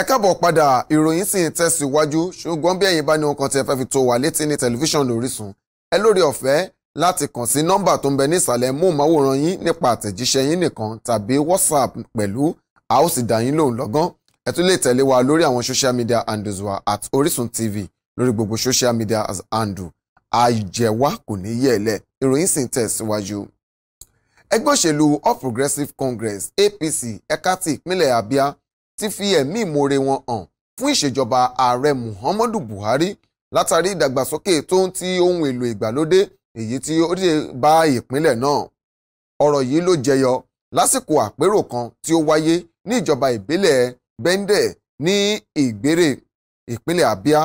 ẹ káàbọ̀ padà ìròyìn sì ń tẹ̀síwájú ṣùgbọ́n bí ẹ̀yin bá ní nǹkan tí ẹ fẹ́ fi tó wa létí ní tẹlifíṣàn Orísun ẹ lórí ọ̀fẹ́ láti kàn sí nọ́mbà tó ń bẹ ní ìsàlẹ̀ móhùnmáwòrán yín nípa àtẹ̀jíṣẹ́ yín nìkan tàbí WhatsApp pẹ̀lú a ó sì dá yín lóhùn lọ́gán ẹ tún lè tẹ̀lé wa lórí àwọn social media handles wa at Orisun TV lórí gbogbo social media handle àìjẹ̀wá kò ní yẹ̀lẹ̀ ìròyìn sì ń tẹ̀síwájú. ẹgbẹ́ òṣèlú All Progressives Congress APC ẹ̀ka ti ìpínlẹ̀ Abia ti fi ẹ̀mí ìmoore wọn hàn fún ìṣèjọba ààrẹ Muhammadu Buhari látàrí ìdàgbàsókè tó ń ti ohun èlò ìgbàlódé èyí tí ó dé bá ìpínlẹ̀ náà ọ̀rọ̀ yìí ló jẹyọ lásìkò àpérò kan tí ó wáyé ní ìjọba ìbílẹ̀ Bẹ́ndẹ̀ ní Ìgbérè ìpínlẹ̀ Abia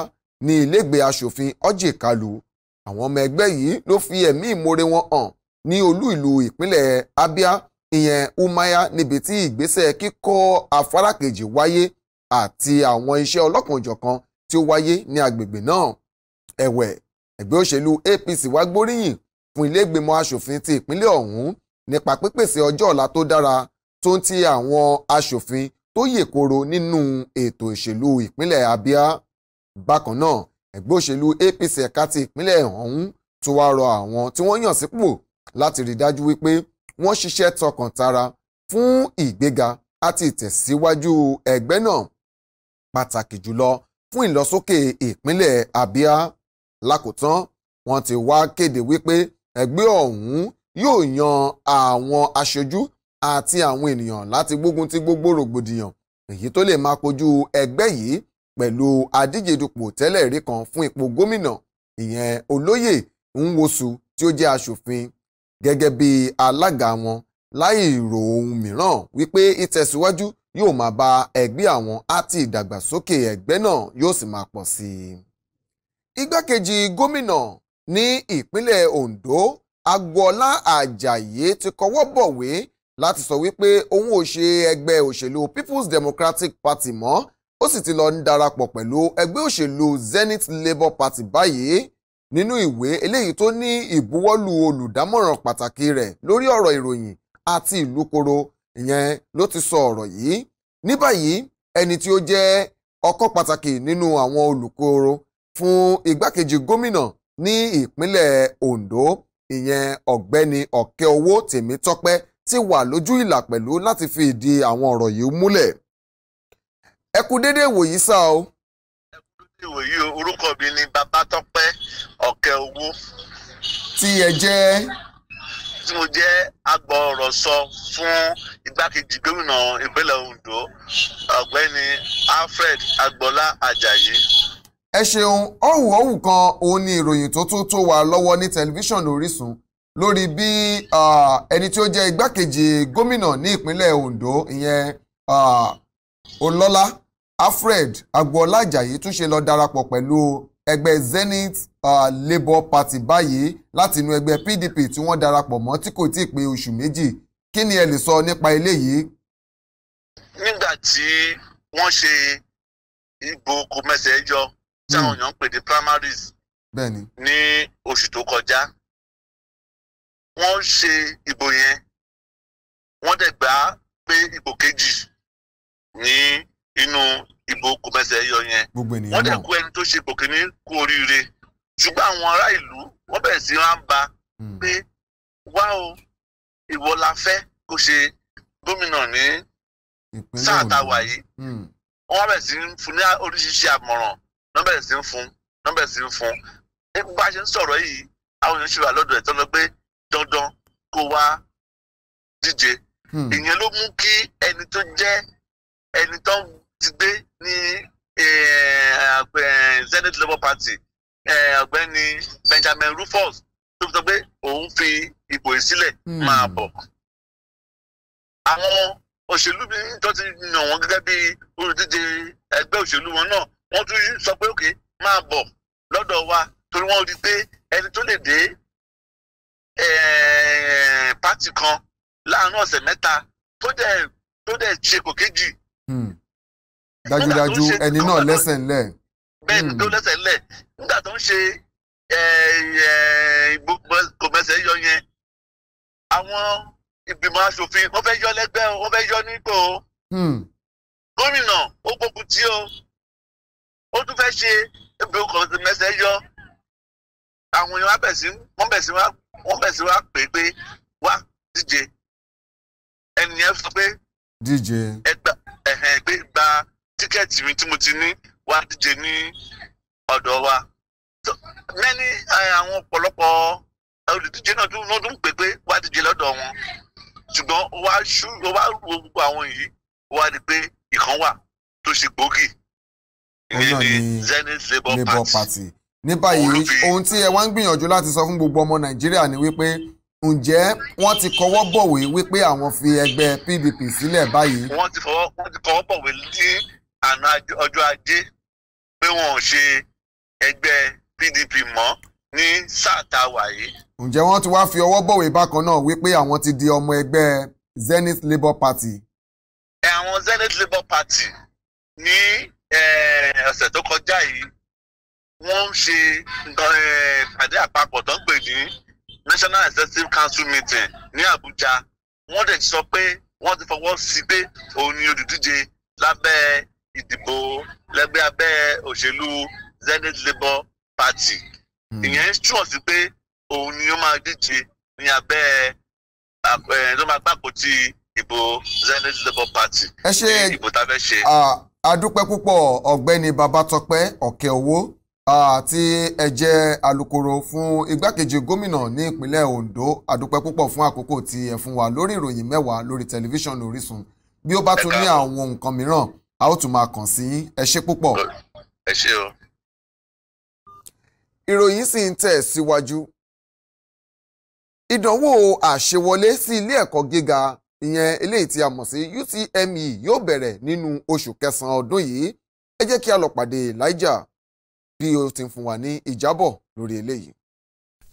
ní ilégbèé aṣòfin Orji Kalu àwọn ọmọ ẹgbẹ́ yìí ló fi ẹ̀mí ìmoore wọn hàn ní olú ìlú ìpínlẹ̀ Abia ìyẹn Umaya níbi tí ìgbésẹ̀ kíkọ́ afárá kejì wáyé àti àwọn iṣẹ́ ọlọ́kanòjọ̀kan tí ó wáyé ní agbègbè náà ẹ̀wẹ̀ ẹgbẹ́ òṣèlú APC wá gbóríyìn fún ilé ìgbìmọ̀ asòfin ti ìpínlẹ̀ ọ̀hún nípa pípèsè ọjọ́ ọ̀la tó dára tó ń ti àwọn asòfin tó yè koro nínú ètò ìṣèlú ìpínlẹ̀ Abia bákan náà ẹgbẹ́ òṣèlú APC ẹ̀ka ti ìpínlẹ̀ ọ̀hún tó wá rọ àwọn tí wọ́n yàn sípò láti rí dájú wípé wọ́n ṣiṣẹ́ tọkàntara fún ìgbéga àti ìtẹ̀síwájú ẹgbẹ́ náà pàtàkì jùlọ fún ìlọsókè ìpínlẹ̀ Abia lákòótán wọ́n ti wá kéde wípé ẹgbẹ́ ọ̀hún yóò yan àwọn aṣojú àti àwọn ènìyàn láti gbógun ti gbogbo rògbòdìyàn èyí tó lè máa kojú ẹgbẹ́ yìí pẹ̀lú adíjedupò tẹ́lẹ̀ rí kan fún ipò gómìnà ìyẹn olóyè Nwosu tí ó jẹ́ aṣòfin gẹ́gẹ́ bí alága wọn láì rò ohun mìíràn wípé ìtẹ̀síwájú yóò máa bá ẹgbẹ́ àwọn àti ìdàgbàsókè ẹgbẹ́ náà yóò sì máa pọ̀ sí i. igbákejì gómìnà ní ìpínlẹ̀ Ondo Agboola Ajayi ti kọwọ́ bọ̀wé láti sọ wípé òun ò ṣe ẹgbẹ́ òṣèlú People's Democratic Party mọ́ ó sì ti lọ ń darapọ̀ pẹ̀lú ẹgbẹ́ òṣèlú Zenith Labour Party báyìí nínú ìwé eléyìí tó ní ìbuwọ́lù olùdámọ̀ràn pàtàkì rẹ̀ lórí ọ̀rọ̀ ìròyìn àti ìlúkoro ìyẹn ló ti sọ ọ̀rọ̀ yìí ní báyìí ẹni tí ó jẹ́ ọkọ́ pàtàkì nínú àwọn olùkoro fún igbákejì gómìnà ní ìpínlẹ̀ Ondo ìyẹn ọ̀gbẹ́ni Ọ̀kẹ́owó Tèmítọ́pẹ́ ti wà lójú ìlà pẹ̀lú láti fi ìdí àwọn ọ̀rọ̀ yìí múlẹ̀ ẹ kú déédéé wòyí sá o. ẹ kú déédéé wòyí orúkọ mi ni Babátọ́pẹ́ ọ̀kẹ́ owó. tí ẹ jẹ́. tí mo jẹ́ agbọ̀rọ̀sọ fún igbákejì gómìnà ìpínlẹ̀ Ondo ọ̀gbẹ́ni Alfred Agbọ́lá Ajayi ẹ ṣeun ọ̀hún ọ̀hún kan òun ni ìròyìn tó tún tó wà lọ́wọ́ ní tẹlifíṣàn Orísun lórí bí ẹni tí ó jẹ́ igbákejì gómìnà ní ìpínlẹ̀ Ondo ìyẹn Olọ́lá Alfred Agboola Ajayi tún ṣe lọ darapọ̀ pẹ̀lú ẹgbẹ́ Zenith uh, Labour Party báyìí láti inú ẹgbẹ́ PDP tí wọ́n darapọ̀ mọ́ tí kò tí ì pé oṣù méjì kí ni ẹ lè sọ nípa eléyìí. nígbà tí wọ́n ṣe ìbò kò mẹ́sẹ̀ tí àwọn hmm. èèyàn ń pè ní primaries Bẹ́ẹ̀ni. ní oṣù tó kọjá wọ́n ṣe ìbò yẹn wọ́n dẹ̀ gbà pé ìbò kejì ní inú ìbò kò mẹsẹ̀ yọ yẹn wọ́n dẹ̀ kó ẹni tó ṣe pòkìní kú oríire ṣùgbọ́n àwọn ará ìlú wọ́n bẹ̀rẹ̀ sí wá ba hmm. pé wá o ìwọ la fẹ́ kó ṣe gómìnà ní sáà tá a wà yìí hmm. wọ́n bẹ̀rẹ̀ sí ń fún ní oríṣiríṣi àmọ̀ràn wọ́n bẹ̀rẹ̀ sí ń fún wọ́n bẹ̀rẹ̀ sí ń fún bá a ṣe ń sọ̀rọ̀ yìí àwọn èèyàn ṣì wà lọ́dọ̀ ẹ̀ tán lọ pé dandan kó wá díje hmm. ìyẹn ló mú kí ẹni tó jẹ́ ẹni tó ń ti gbé ní eh, eh, zenith labour party eh, ọ̀gbẹ́ni benjamin rufus tó sọ pé òun fi ìbò ìsílẹ̀ hmm. máa bọ̀ àwọn òṣèlú tó ti yàn wọ́n gẹ́gẹ́ bí olùdíje ẹgbẹ́ òṣèlú wọn náà wọ́n tún sọ pé òkè máa bọ̀ lọ́dọ̀ wa torí wọ́n rí i pé ẹni tó lè dé pátì kan láàárín ọ̀sẹ̀ mẹ́ta tó dẹ̀ tó dẹ̀ ṣe kò kéjì hmm dájúdájú ẹni náà lẹ́sẹ̀ ńlẹ̀. bẹ́ẹ̀ ni ló hmm. lẹ́sẹ̀ ńlẹ̀ nígbà tó ń ṣe kòmẹ́sẹ̀ yọ yẹn àwọn ìgbìmọ̀ asòfin wọ́n fẹ́ yọ lẹ́gbẹ́ o wọ́n fẹ́ yọ nípò o hmm. gómìnà ó gbógun tí o ó tún fẹ́ ṣe ìgbìmọ̀ kòmẹ́sẹ̀ yọ àwọn èèyàn abẹ̀sí wọ́n bẹ̀sí wá wọ́n bẹ̀sí wá pé pé wá díje ẹnìyẹn sọ pé díje ẹgbà ẹ̀hẹ̀ pé gba tíkẹ́ẹ̀tì mi tí mo ti ní wá díje ní ọ̀dọ̀ wa mẹ́ni eh, àwọn ọ̀pọ̀lọpọ̀ eh, olùdíje náà tún wọ́n tún pè pé wá díje lọ́dọ̀ wọn ṣùgbọ́n wá ṣú wá rú gbogbo àwọn yìí wá rí pé ìkan wà tó ṣe gbòógì ìyẹn ní Zenith Labour Party ní báyìí ohun tí ẹ wá ń gbìyànjú láti sọ fún gbogbo ọmọ Nàìjíríà ni wípé ǹjẹ́ wọ́n ti kọwọ́ bọ̀wé wípé àwọn fi ẹgbẹ́ PDP sílẹ̀ báyìí. wọ́n ti kọwọ́ bọ̀wé ní àná ọjọ́ ajé pé wọn ò ṣe ẹgbẹ́ PDP mọ́ ní sáà tá a wà ǹjẹ́ wọ́n ti wá fi ọwọ́ bọ̀wé bákan náà wípé àwọn ti di ọmọ ẹgbẹ́ Zenith Labour Party. ẹ àwọn Zenith Labour Party ní ọ̀sẹ̀ tó kọjá yìí wọ́n ń ṣe pàdé àpapọ̀ tó ń pè ní National Executive Council meeting ní Àbújá wọ́n dẹ̀ sọ pé wọ́n ti fọwọ́ sí pé òun ni olùdíje lábẹ́ lẹ́gbẹ́ abẹ́ òṣèlú Zenith Labour Party hmm. ìyẹn túmọ̀ sí pé òun ni ó máa díje ní abẹ́ ẹ̀ ìbò Zenith Labour Party ní ìbò tá a fẹ́ ṣe. adúpẹ́ púpọ̀ ọ̀gbẹ́ni Babátọ́pẹ́ ọ̀kẹ́ owó àti ẹ jẹ́ alukoro fún igbákejì gómìnà ní ìpínlẹ̀ Ondo adúpẹ́ púpọ̀ fún àkókò tí ẹ fún wa lórí ìròyìn mẹ́wàá lórí tẹlifíṣàn Orísun bí ó bá tún ní àwọn nǹkan mìíràn a ó tún máa kàn sí yín ẹ ṣe púpọ̀. ẹ ṣé o. ìròyìn sì ń tẹ̀ síwájú. ìdánwò àṣewọlé sí ilé ẹ̀kọ́ gíga ìyẹn eléyìí tí a mọ̀ sí UTME yóò bẹ̀rẹ̀ nínú oṣù kẹsàn-án ọdún yìí ẹ jẹ́ kí a lọ pàdé Elijah bí o ti fún wa ní ìjábọ̀ lórí eléyìí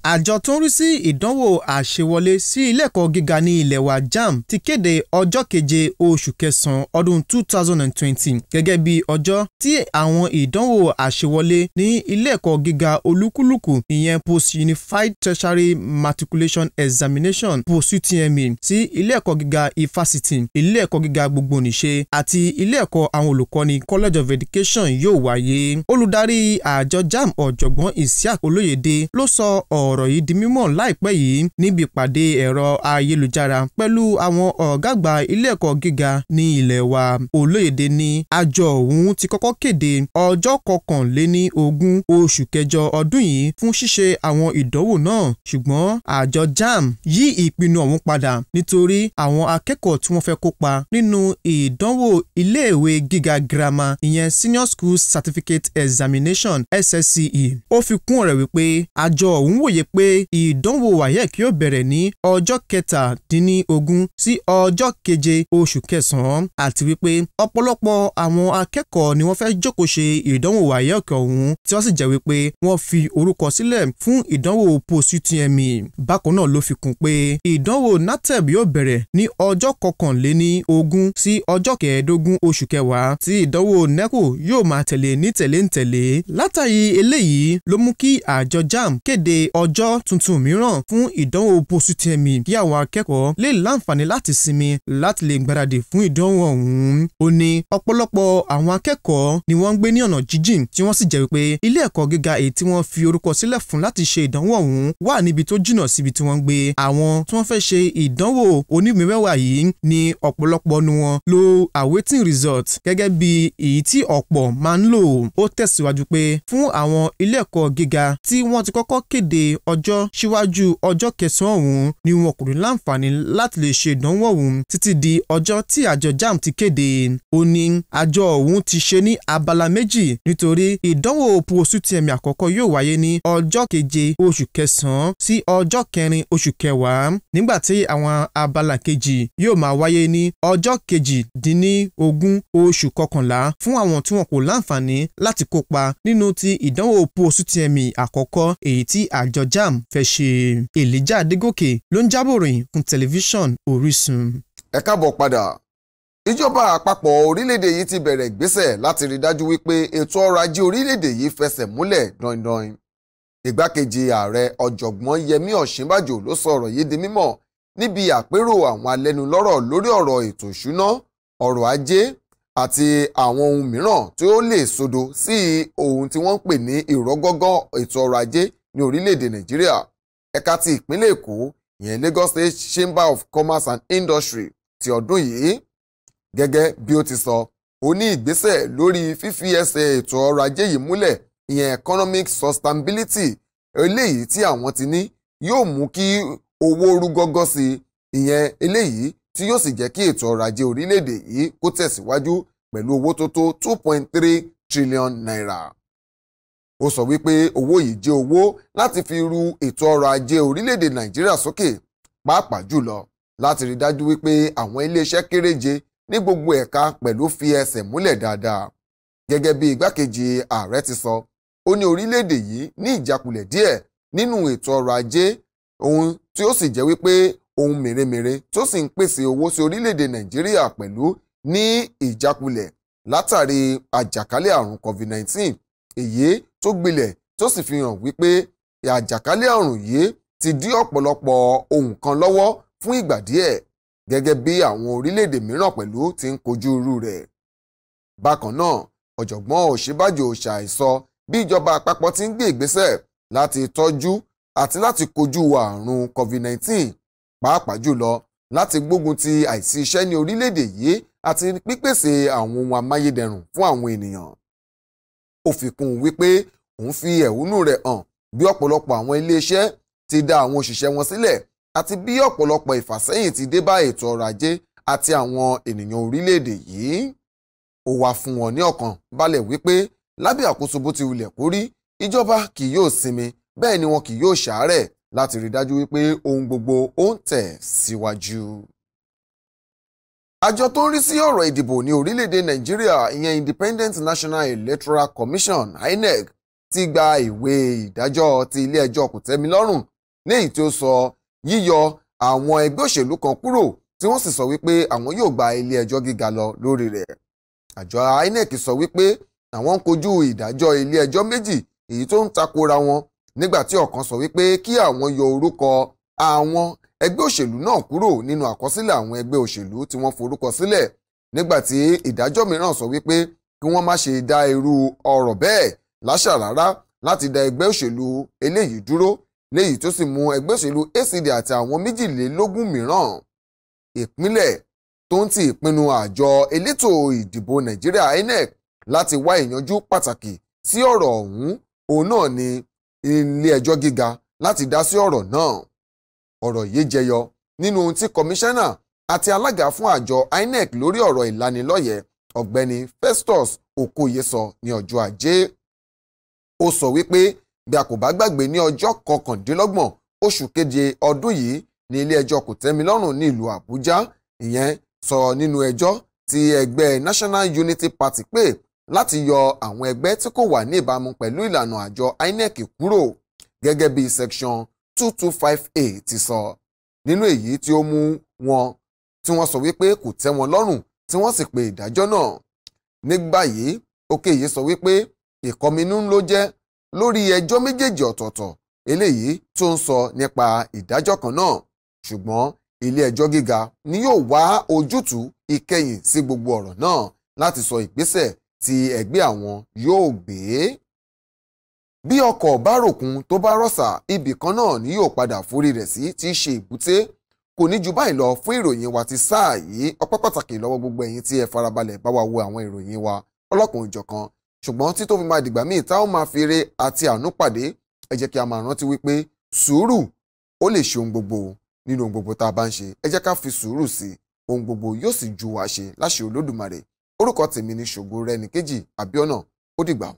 àjọ tó ń rí sí ìdánwò àṣewọlé sí ilé ẹ̀kọ́ gíga ní ilẹ̀ wa JAMB ti kéde ọjọ́ keje oṣù kẹsàn-án ọdún 2020 gẹ́gẹ́ bí ọjọ́ tí àwọn ìdánwò àṣewọlé ní ilé ẹ̀kọ́ gíga olúkúlùkù ìyẹn post unified tertiary matriculation examination post UTME sí ilé ẹ̀kọ́ gíga ifásitì ilé ẹ̀kọ́ gíga gbogbonìṣe àti ilé ẹ̀kọ́ àwọn olùkọ́ni college of education yóò wáyé olùdarí àjọ JAMB ọ̀jọ̀gbọ́n Isiaq Olóyèdé ló sọ ọ̀ ọ̀rọ̀ yìí di mímọ̀ láìpẹ́ yìí níbi ìpàdé ẹ̀rọ ayélujára pẹ̀lú àwọn ọ̀gágbà ilé ẹ̀kọ́ gíga ní ilẹ̀ wa olóyèdè ní àjọ òun ti kọ́kọ́ kéde ọjọ́ kọkànléní ogún oṣù kẹjọ ọdún yìí fún ṣíṣe àwọn ìdánwò náà ṣùgbọ́n àjọ JAMB yí ìpinnu ọ̀hún padà nítorí àwọn akẹ́kọ̀ọ́ tí wọ́n fẹ́ kópa nínú ìdánwò iléèwé gíga girama ìyẹn senior school certificate examination SSCE ó fi kún ọ̀rẹ́ wípé àjọ òun wòye kéde pé ìdánwò WAEC yóò bẹ̀rẹ̀ ní ọjọ́ kẹtàdínlógún sí ọjọ́ keje oṣù kẹsàn-án àti wípé ọ̀pọ̀lọpọ̀ àwọn akẹ́kọ̀ọ́ ni wọ́n fẹ́ jókòó ṣe ìdánwò WAEC ọ̀hún tí wọ́n sì jẹ́ wípé wọ́n fi orúkọ sílẹ̀ fún ìdánwò post-UTME bákan náà ló fi kún pé ìdánwò natep yóò bẹ̀rẹ̀ ní ọjọ́ kọkànléní ogún sí ọjọ́ kẹẹ̀ẹ́dógún oṣù kẹwàá tí ìdánwò neco yóò máa tẹ̀lé ní tẹ̀léǹtẹ̀lé látàrí eléyìí ló mú kí àjọ JAMB kéde ọjọ́ ọjọ́ tuntun mìíràn fún ìdánwò posutẹ̀mí kí àwọn akẹ́kọ̀ọ́ lè láǹfààní láti sinmi láti lè gbáradì fún ìdánwò ọ̀hún. ó ní ọ̀pọ̀lọpọ̀ àwọn akẹ́kọ̀ọ́ ni wọ́n ń gbé ní ọ̀nà jíjìn tí wọ́n sì jẹ́ wípé ilé ẹ̀kọ́ gíga èyí tí wọ́n fi orúkọ sílẹ̀ fún láti ṣe ìdánwò ọ̀hún wà níbi tó jìnnà síbi tí wọ́n gbé. àwọn tí wọ́n fẹ́ ṣe ìdánwò onímẹ̀wẹ̀wà yìí ni ọ̀pọ̀lọpọ̀ nu wọn lo awaiting result gẹ́gẹ́ bí èyí tí ọ̀pọ̀ máa ń lò. ó tẹ̀síwájú pé fún àwọn ilé ẹ̀kọ́ gíga tí wọ́n ti kọ́kọ́ kéde ọjọ́ síwájú ọjọ́ kẹsàn-án ọ̀hún ni wọn kò ní láǹfààní láti lè ṣe ìdánwò ọ̀hún títí di ọjọ́ tí àjọ jam ti kéde ó ní àjọ ọ̀hún ti ṣe ní abala méjì nítorí ìdánwò pòṣù ti ẹ̀mí àkọ́kọ́ yóò wáyé ní ọjọ́ keje oṣù kẹsàn-án sí ọjọ́ kẹrin oṣù kẹwàá nígbà tí àwọn abala kejì yóò máa wáyé ní ọjọ́ kejìdínlógún oṣù kọkànlá fún àwọn tí wọn kò láǹfààní láti kópa nínú ti ìdánwò pòṣù ti ẹ̀mí àkọ́kọ́ èyí tí àjọ Jam fẹ́ ṣe Elijah Adégòkè ló ń jábọ̀ ròyìn fún tẹlifíṣàn Orísun. ẹ káàbọ̀ padà ìjọba àpapọ̀ orílẹ̀-èdè yìí ti bẹ̀rẹ̀ ìgbésẹ̀ láti rí dájú wípé ètò ọrọ̀ ajé orílẹ̀-èdè yìí fẹsẹ̀ múlẹ̀ dandan. ìgbákejì ààrẹ ọ̀jọ̀gbọ́n Yẹmí Ọ̀ṣínbàjò ló sọ ọ̀rọ̀ yìí di mímọ̀ níbi àpérò àwọn alẹ́nulọ́rọ̀ lórí ọ̀rọ̀ ètò ìṣúná ọrọ̀ ajé àti àwọn ohun mìíràn tí ó lè sodo sí ohun tí wọ́n ń pè ní ìrọ́gọ́gọ́ ètò ọrọ̀ ajé ní orílẹ̀-èdè nàìjíríà ẹ̀ka ti ìpínlẹ̀ èkó ìyẹn Lagos State Chamber of Commerce and Industry ti ọdún yìí gẹ́gẹ́ bí ó ti sọ ó ní ìgbésẹ̀ lórí fífi ẹsẹ̀ ètò ọrọ̀ ajé yìí múlẹ̀ ìyẹn economic sustainability eléyìí tí àwọn ti ní yóò mú kí owó rú gọ́gọ́ sí ìyẹn eléyìí tí yóò sì jẹ́ kí ètò ọrọ̀ ajé orílẹ̀-èdè yìí kó tẹ̀síwájú pẹ̀lú owó tó tó two point three trillion naira ó sọ wípé owó yìí jẹ́ owó láti fi ru ètò ọrọ̀ ajé orílẹ̀-èdè nàìjíríà sókè pàápàá jùlọ láti rí dájú wípé àwọn iléeṣẹ́ kéréje ní gbogbo ẹ̀ka pẹ̀lú fi ẹsẹ̀ múlẹ̀ dáadáa gẹ́gẹ́ bí igbákejì ààrẹ ti sọ ó ní orílẹ̀-èdè yìí ní ìjákulẹ̀ díẹ̀ nínú ètò ọrọ̀ ajé ohun tí ó sì jẹ́ wípé ohun mèremère tó sì ń pèsè owó sí orílẹ̀ nàìjíríà pẹ̀lú ní ìjákulẹ̀ látàrí àjàkálẹ̀ àrùn covid-19 èyí tó gbilẹ̀ tó sì fi hàn wípé àjàkálẹ̀ àrùn yìí ti dí ọ̀pọ̀lọpọ̀ ohun kan lọ́wọ́ fún ìgbà díẹ̀ gẹ́gẹ́ bí àwọn orílẹ̀-èdè mìíràn pẹ̀lú ti ń kojú irú rẹ̀. bákan náà ọ̀jọ̀gbọ́n Ọ̀ṣínbàjò ṣàìsọ bí ìjọba àpapọ̀ ti ń gbé ìgbésẹ̀ láti tọ́jú àti láti kojú àrùn COVID-19 pàápàá jùlọ láti gbógun ti àìsí iṣẹ́ ní orílẹ̀-èdè yìí àti pípèsè àwọn ohun amáyédẹrùn fún àwọn ènìyàn ó fi kún un wípé òun fi ẹ̀hónú rẹ̀ hàn bí ọ̀pọ̀lọpọ̀ àwọn iléeṣẹ́ ti dá àwọn òṣìṣẹ́ wọn sílẹ̀ àti bí ọ̀pọ̀lọpọ̀ ìfàsẹ́yìn ti dé bá ètò ọrọ̀ ajé àti àwọn ènìyàn orílẹ̀-èdè yìí ó wá fún wọn ní ọkàn balẹ̀ wípé lábẹ́ àkóso bó ti wulẹ̀ kórí ìjọba kì yóò sinmi bẹ́ẹ̀ ni wọn kì yóò ṣàárẹ̀ láti rí dájú wípé ohun gbogbo ó ń tẹ̀ síwájú àjọ tó ń rí sí ọ̀rọ̀ ìdìbò ní orílẹ̀-èdè nàìjíríà ìyẹn independent national electoral commission inec ti gba ìwé ìdájọ́ ti ilé-ẹjọ́ kòtẹ́milọ́rùn ní èyí tí ó sọ yíyọ àwọn ẹgbẹ́ òṣèlú kan kúrò tí wọ́n sì sọ wípé àwọn yóò gba ilé-ẹjọ́ gíga lọ lórí rẹ̀ àjọ inec sọ wípé àwọn ń kojú ìdájọ́ ilé-ẹjọ́ méjì èyí tó ń takora wọn nígbà tí ọ̀kan sọ wípé kí àwọn yọ orúkọ àwọn ẹgbẹ́ òṣèlú náà kúrò nínú àkọsílẹ̀ àwọn ẹgbẹ́ òṣèlú tí wọ́n forúkọ sílẹ̀ nígbàtí ìdájọ́ mìíràn sọ wípé kí wọ́n má ṣe dá irú ọ̀rọ̀ bẹ́ẹ̀ láṣà rárá láti dá ẹgbẹ́ òṣèlú eléyìí dúró léyìí tó sì mú ẹgbẹ́ òṣèlú ACD àti àwọn méjìlélógún mìíràn ìpínlẹ̀ tó ń ti ìpinnu àjọ elétò ìdìbò Nàìjíríà INEC láti wá ìyanjú pàtàkì sí ọ̀rọ̀ ọ̀hún òun náà ni ilé ẹjọ́ gíga láti dá sí ọ̀rọ̀ náà ọ̀rọ̀ yìí jẹyọ nínú ohun tí kọmíṣánná àti alága fún àjọ INEC lórí ọ̀rọ̀ ìlanilọ́yẹ̀ ọ̀gbẹ́ni Festus Okoye sọ ní ọjọ́ ajé ó sọ wípé bí a kò bá gbàgbé ní ọjọ́ kọkàndínlọ́gbọ̀n oṣù keje ọdún yìí ní ilé-ẹjọ́ kòtẹ́milọ́rùn ní ìlú Àbújá ìyẹn sọ nínú ẹjọ́ ti ẹgbẹ́ National Unity Party pé láti yọ àwọn ẹgbẹ́ tí kò wà ní ìbámu pẹ̀lú ìlànà àjọ INEC kúrò gẹ́gẹ́ bí section two two five a ti sọ nínú èyí tí ó mú wọn tí wọ́n sọ wípé kò tẹ́ wọn lọ́rùn tí wọ́n sì pe ìdájọ́ náà ní báyìí Okeye sọ wípé ìkọminú ló jẹ́ lórí ẹjọ́ méjèèjì ọ̀tọ̀ọ̀tọ̀ eléyìí tó ń sọ nípa ìdájọ́ kan náà ṣùgbọ́n ilé ẹjọ́ gíga ni yóò wá ojútùú ìkẹyìn sí gbogbo ọ̀rọ̀ náà láti sọ ìgbésẹ̀ tí ẹgbẹ́ àwọn yóò gbé bí ọkọ̀ bá ròkun tó bá rọ̀ṣà ibì kan náà ni yóò padà forí rẹ̀ sí tí í ṣe ìbúté kò ní ju báyìí lọ fún ìròyìn wa ti sáà yìí ọpẹ́ pàtàkì lọ́wọ́ gbogbo ẹ̀yin tí ẹ farabalẹ̀ bá wa wo àwọn ìròyìn wa ọlọ́kùnrin jọ̀kan ṣùgbọ́n tí tó fi máa dìgbà míì tá ó máa fèrè àti àánú pàdé ẹ jẹ́ kí a máa rántí wípé sùúrù ó lè ṣe ohun gbogbo nínú ohun gbogbo tá a bá ń ṣe ẹ jẹ́ ká fi sùúrù sí ohun gbogbo yóò sì ju wa ṣe láṣẹ Olódùmarè orúkọ tèmi ni ṣògo rẹni kejì àbíọ́nà ó dìgbà